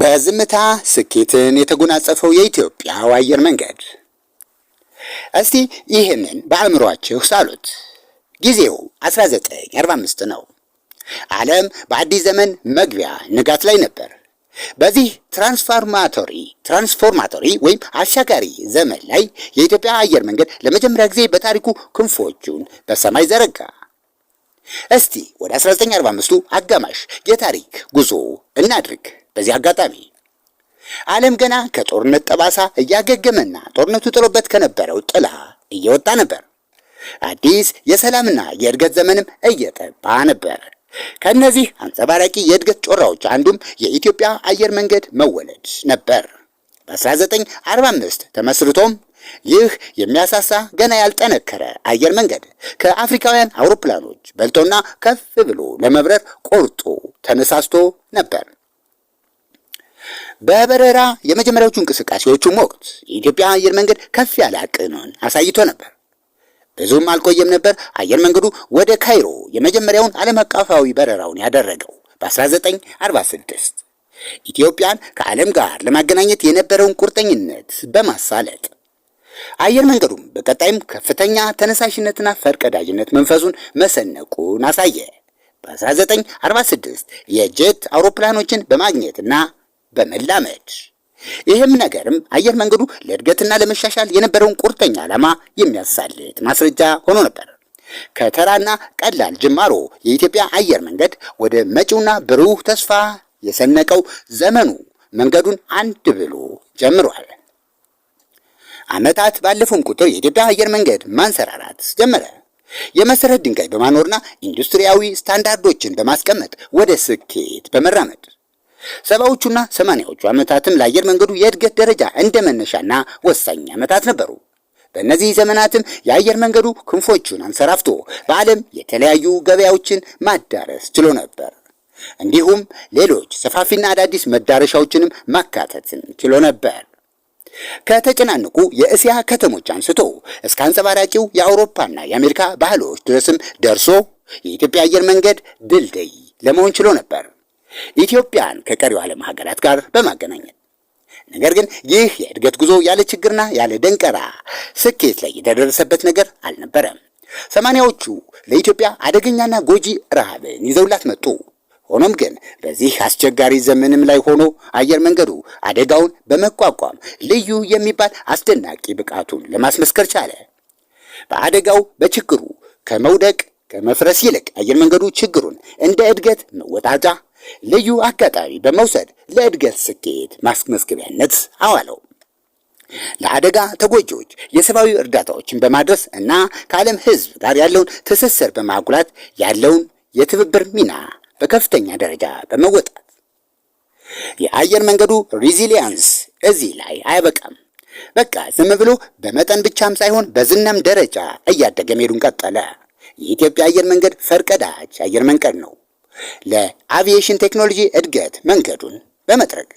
በዝምታ ስኬትን የተጎናጸፈው የኢትዮጵያው አየር መንገድ። እስቲ ይህንን በአእምሯችሁ ሳሉት። ጊዜው 1945 ነው። ዓለም በአዲስ ዘመን መግቢያ ንጋት ላይ ነበር። በዚህ ትራንስፎርማቶሪ ትራንስፎርማቶሪ ወይም አሻጋሪ ዘመን ላይ የኢትዮጵያ አየር መንገድ ለመጀመሪያ ጊዜ በታሪኩ ክንፎቹን በሰማይ ዘረጋ። እስቲ ወደ 1945ቱ አጋማሽ የታሪክ ጉዞ እናድርግ። በዚህ አጋጣሚ ዓለም ገና ከጦርነት ጠባሳ እያገገመና ጦርነቱ ጥሎበት ከነበረው ጥላ እየወጣ ነበር። አዲስ የሰላምና የእድገት ዘመንም እየጠባ ነበር። ከእነዚህ አንጸባራቂ የእድገት ጮራዎች አንዱም የኢትዮጵያ አየር መንገድ መወለድ ነበር። በ1945 ተመስርቶም ይህ የሚያሳሳ ገና ያልጠነከረ አየር መንገድ ከአፍሪካውያን አውሮፕላኖች በልጦና ከፍ ብሎ ለመብረር ቆርጦ ተነሳስቶ ነበር። በበረራ የመጀመሪያዎቹ እንቅስቃሴዎቹም ወቅት የኢትዮጵያ አየር መንገድ ከፍ ያለ አቅምን አሳይቶ ነበር። ብዙም አልቆየም ነበር አየር መንገዱ ወደ ካይሮ የመጀመሪያውን ዓለም አቀፋዊ በረራውን ያደረገው በ1946 ኢትዮጵያን ከዓለም ጋር ለማገናኘት የነበረውን ቁርጠኝነት በማሳለጥ አየር መንገዱም በቀጣይም ከፍተኛ ተነሳሽነትና ፈርቀዳጅነት መንፈሱን መሰነቁን አሳየ። በ1946 የጀት አውሮፕላኖችን በማግኘትና በመላመድ ይህም ነገርም አየር መንገዱ ለእድገትና ለመሻሻል የነበረውን ቁርጠኛ ዓላማ የሚያሳልጥ ማስረጃ ሆኖ ነበር። ከተራና ቀላል ጅማሮ የኢትዮጵያ አየር መንገድ ወደ መጪውና ብሩህ ተስፋ የሰነቀው ዘመኑ መንገዱን አንድ ብሎ ጀምሯል። ዓመታት ባለፉም ቁጥር የኢትዮጵያ አየር መንገድ ማንሰራራት ጀመረ። የመሰረት ድንጋይ በማኖርና ኢንዱስትሪያዊ ስታንዳርዶችን በማስቀመጥ ወደ ስኬት በመራመድ ሰባዎቹና ሰማንያዎቹ ዓመታትም ለአየር መንገዱ የእድገት ደረጃ እንደ መነሻና ወሳኝ ዓመታት ነበሩ። በእነዚህ ዘመናትም የአየር መንገዱ ክንፎቹን አንሰራፍቶ በዓለም የተለያዩ ገበያዎችን ማዳረስ ችሎ ነበር። እንዲሁም ሌሎች ሰፋፊና አዳዲስ መዳረሻዎችንም ማካተትን ችሎ ነበር። ከተጨናነቁ የእስያ ከተሞች አንስቶ እስከ አንጸባራቂው የአውሮፓና የአሜሪካ ባህሎች ድረስም ደርሶ የኢትዮጵያ አየር መንገድ ድልድይ ለመሆን ችሎ ነበር። ኢትዮጵያን ከቀሪው ዓለም ሀገራት ጋር በማገናኘት ነገር ግን ይህ የእድገት ጉዞ ያለ ችግርና ያለ ደንቀራ ስኬት ላይ የተደረሰበት ነገር አልነበረም። ሰማንያዎቹ ለኢትዮጵያ አደገኛና ጎጂ ረሃብን ይዘውላት መጡ። ሆኖም ግን በዚህ አስቸጋሪ ዘመንም ላይ ሆኖ አየር መንገዱ አደጋውን በመቋቋም ልዩ የሚባል አስደናቂ ብቃቱን ለማስመስከር ቻለ። በአደጋው በችግሩ ከመውደቅ ከመፍረስ ይልቅ አየር መንገዱ ችግሩን እንደ እድገት መወጣጫ ልዩ አጋጣሚ በመውሰድ ለእድገት ስኬት ማስመዝገቢያነት አዋለው። ለአደጋ ተጎጂዎች የሰብአዊ እርዳታዎችን በማድረስ እና ከዓለም ሕዝብ ጋር ያለውን ትስስር በማጉላት ያለውን የትብብር ሚና በከፍተኛ ደረጃ በመወጣት የአየር መንገዱ ሪዚሊያንስ እዚህ ላይ አያበቃም። በቃ ዝም ብሎ በመጠን ብቻም ሳይሆን በዝናም ደረጃ እያደገ መሄዱን ቀጠለ። የኢትዮጵያ አየር መንገድ ፈርቀዳጅ አየር መንገድ ነው። ለአቪዬሽን ቴክኖሎጂ እድገት መንገዱን በመጥረግ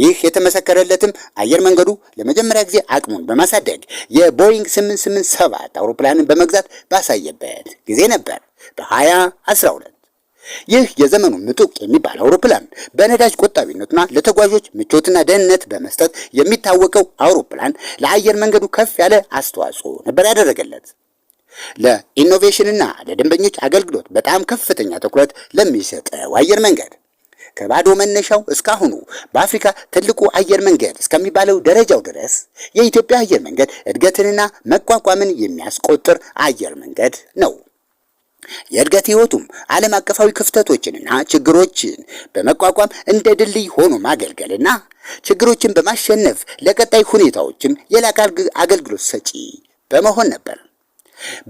ይህ የተመሰከረለትም አየር መንገዱ ለመጀመሪያ ጊዜ አቅሙን በማሳደግ የቦይንግ 887 አውሮፕላንን በመግዛት ባሳየበት ጊዜ ነበር በ2012። ይህ የዘመኑ ምጡቅ የሚባል አውሮፕላን በነዳጅ ቆጣቢነቱና ለተጓዦች ምቾትና ደህንነት በመስጠት የሚታወቀው አውሮፕላን ለአየር መንገዱ ከፍ ያለ አስተዋጽኦ ነበር ያደረገለት። ለኢኖቬሽንና ለደንበኞች አገልግሎት በጣም ከፍተኛ ትኩረት ለሚሰጠው አየር መንገድ ከባዶ መነሻው እስካሁኑ በአፍሪካ ትልቁ አየር መንገድ እስከሚባለው ደረጃው ድረስ የኢትዮጵያ አየር መንገድ እድገትንና መቋቋምን የሚያስቆጥር አየር መንገድ ነው። የእድገት ህይወቱም ዓለም አቀፋዊ ክፍተቶችንና ችግሮችን በመቋቋም እንደ ድልድይ ሆኖ ማገልገልና ችግሮችን በማሸነፍ ለቀጣይ ሁኔታዎችም የላቀ አገልግሎት ሰጪ በመሆን ነበር።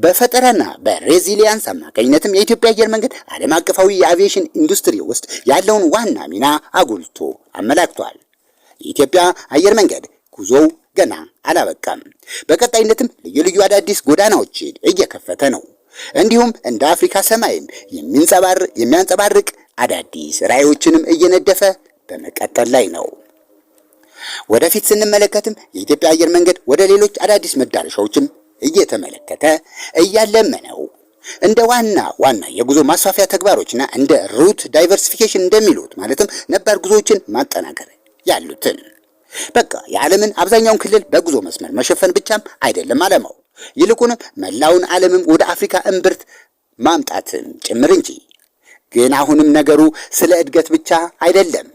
በፈጠራና በሬዚሊያንስ አማካኝነትም የኢትዮጵያ አየር መንገድ ዓለም አቀፋዊ የአቪዬሽን ኢንዱስትሪ ውስጥ ያለውን ዋና ሚና አጉልቶ አመላክቷል። የኢትዮጵያ አየር መንገድ ጉዞው ገና አላበቃም። በቀጣይነትም ልዩ ልዩ አዳዲስ ጎዳናዎችን እየከፈተ ነው። እንዲሁም እንደ አፍሪካ ሰማይም የሚያንጸባርቅ አዳዲስ ራዕዮችንም እየነደፈ በመቀጠል ላይ ነው። ወደፊት ስንመለከትም የኢትዮጵያ አየር መንገድ ወደ ሌሎች አዳዲስ መዳረሻዎችም እየተመለከተ እያለመነው እንደ ዋና ዋና የጉዞ ማስፋፊያ ተግባሮችና እንደ ሩት ዳይቨርሲፊኬሽን እንደሚሉት ማለትም ነባር ጉዞዎችን ማጠናከር ያሉትን በቃ የዓለምን አብዛኛውን ክልል በጉዞ መስመር መሸፈን ብቻም አይደለም አለማው፣ ይልቁንም መላውን ዓለምም ወደ አፍሪካ እምብርት ማምጣትም ጭምር እንጂ። ግን አሁንም ነገሩ ስለ እድገት ብቻ አይደለም።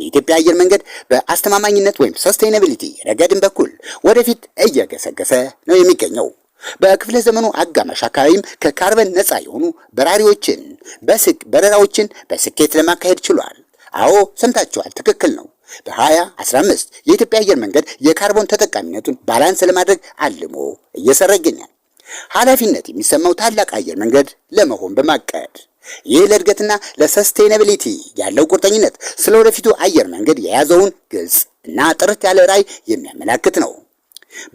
የኢትዮጵያ አየር መንገድ በአስተማማኝነት ወይም ሰስቴናቢሊቲ ረገድን በኩል ወደፊት እየገሰገሰ ነው የሚገኘው። በክፍለ ዘመኑ አጋማሽ አካባቢም ከካርበን ነፃ የሆኑ በራሪዎችን በስክ በረራዎችን በስኬት ለማካሄድ ችሏል። አዎ ሰምታችኋል፣ ትክክል ነው። በ2015 የኢትዮጵያ አየር መንገድ የካርቦን ተጠቃሚነቱን ባላንስ ለማድረግ አልሞ እየሰራ ይገኛል። ኃላፊነት የሚሰማው ታላቅ አየር መንገድ ለመሆን በማቀድ ይህ ለእድገትና ለሰስቴናቢሊቲ ያለው ቁርጠኝነት ስለ ወደፊቱ አየር መንገድ የያዘውን ግልጽ እና ጥርት ያለ ራዕይ የሚያመላክት ነው።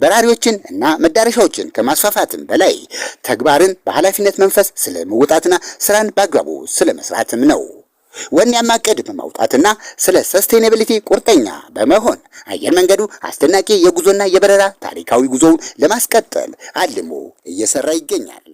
በራሪዎችን እና መዳረሻዎችን ከማስፋፋትም በላይ ተግባርን በኃላፊነት መንፈስ ስለ መውጣትና ስራን በአግባቡ ስለ መስራትም ነው። ወኔያማ ዕቅድ በማውጣትና ስለ ሰስቴናቢሊቲ ቁርጠኛ በመሆን አየር መንገዱ አስደናቂ የጉዞና የበረራ ታሪካዊ ጉዞውን ለማስቀጠል አልሞ እየሰራ ይገኛል።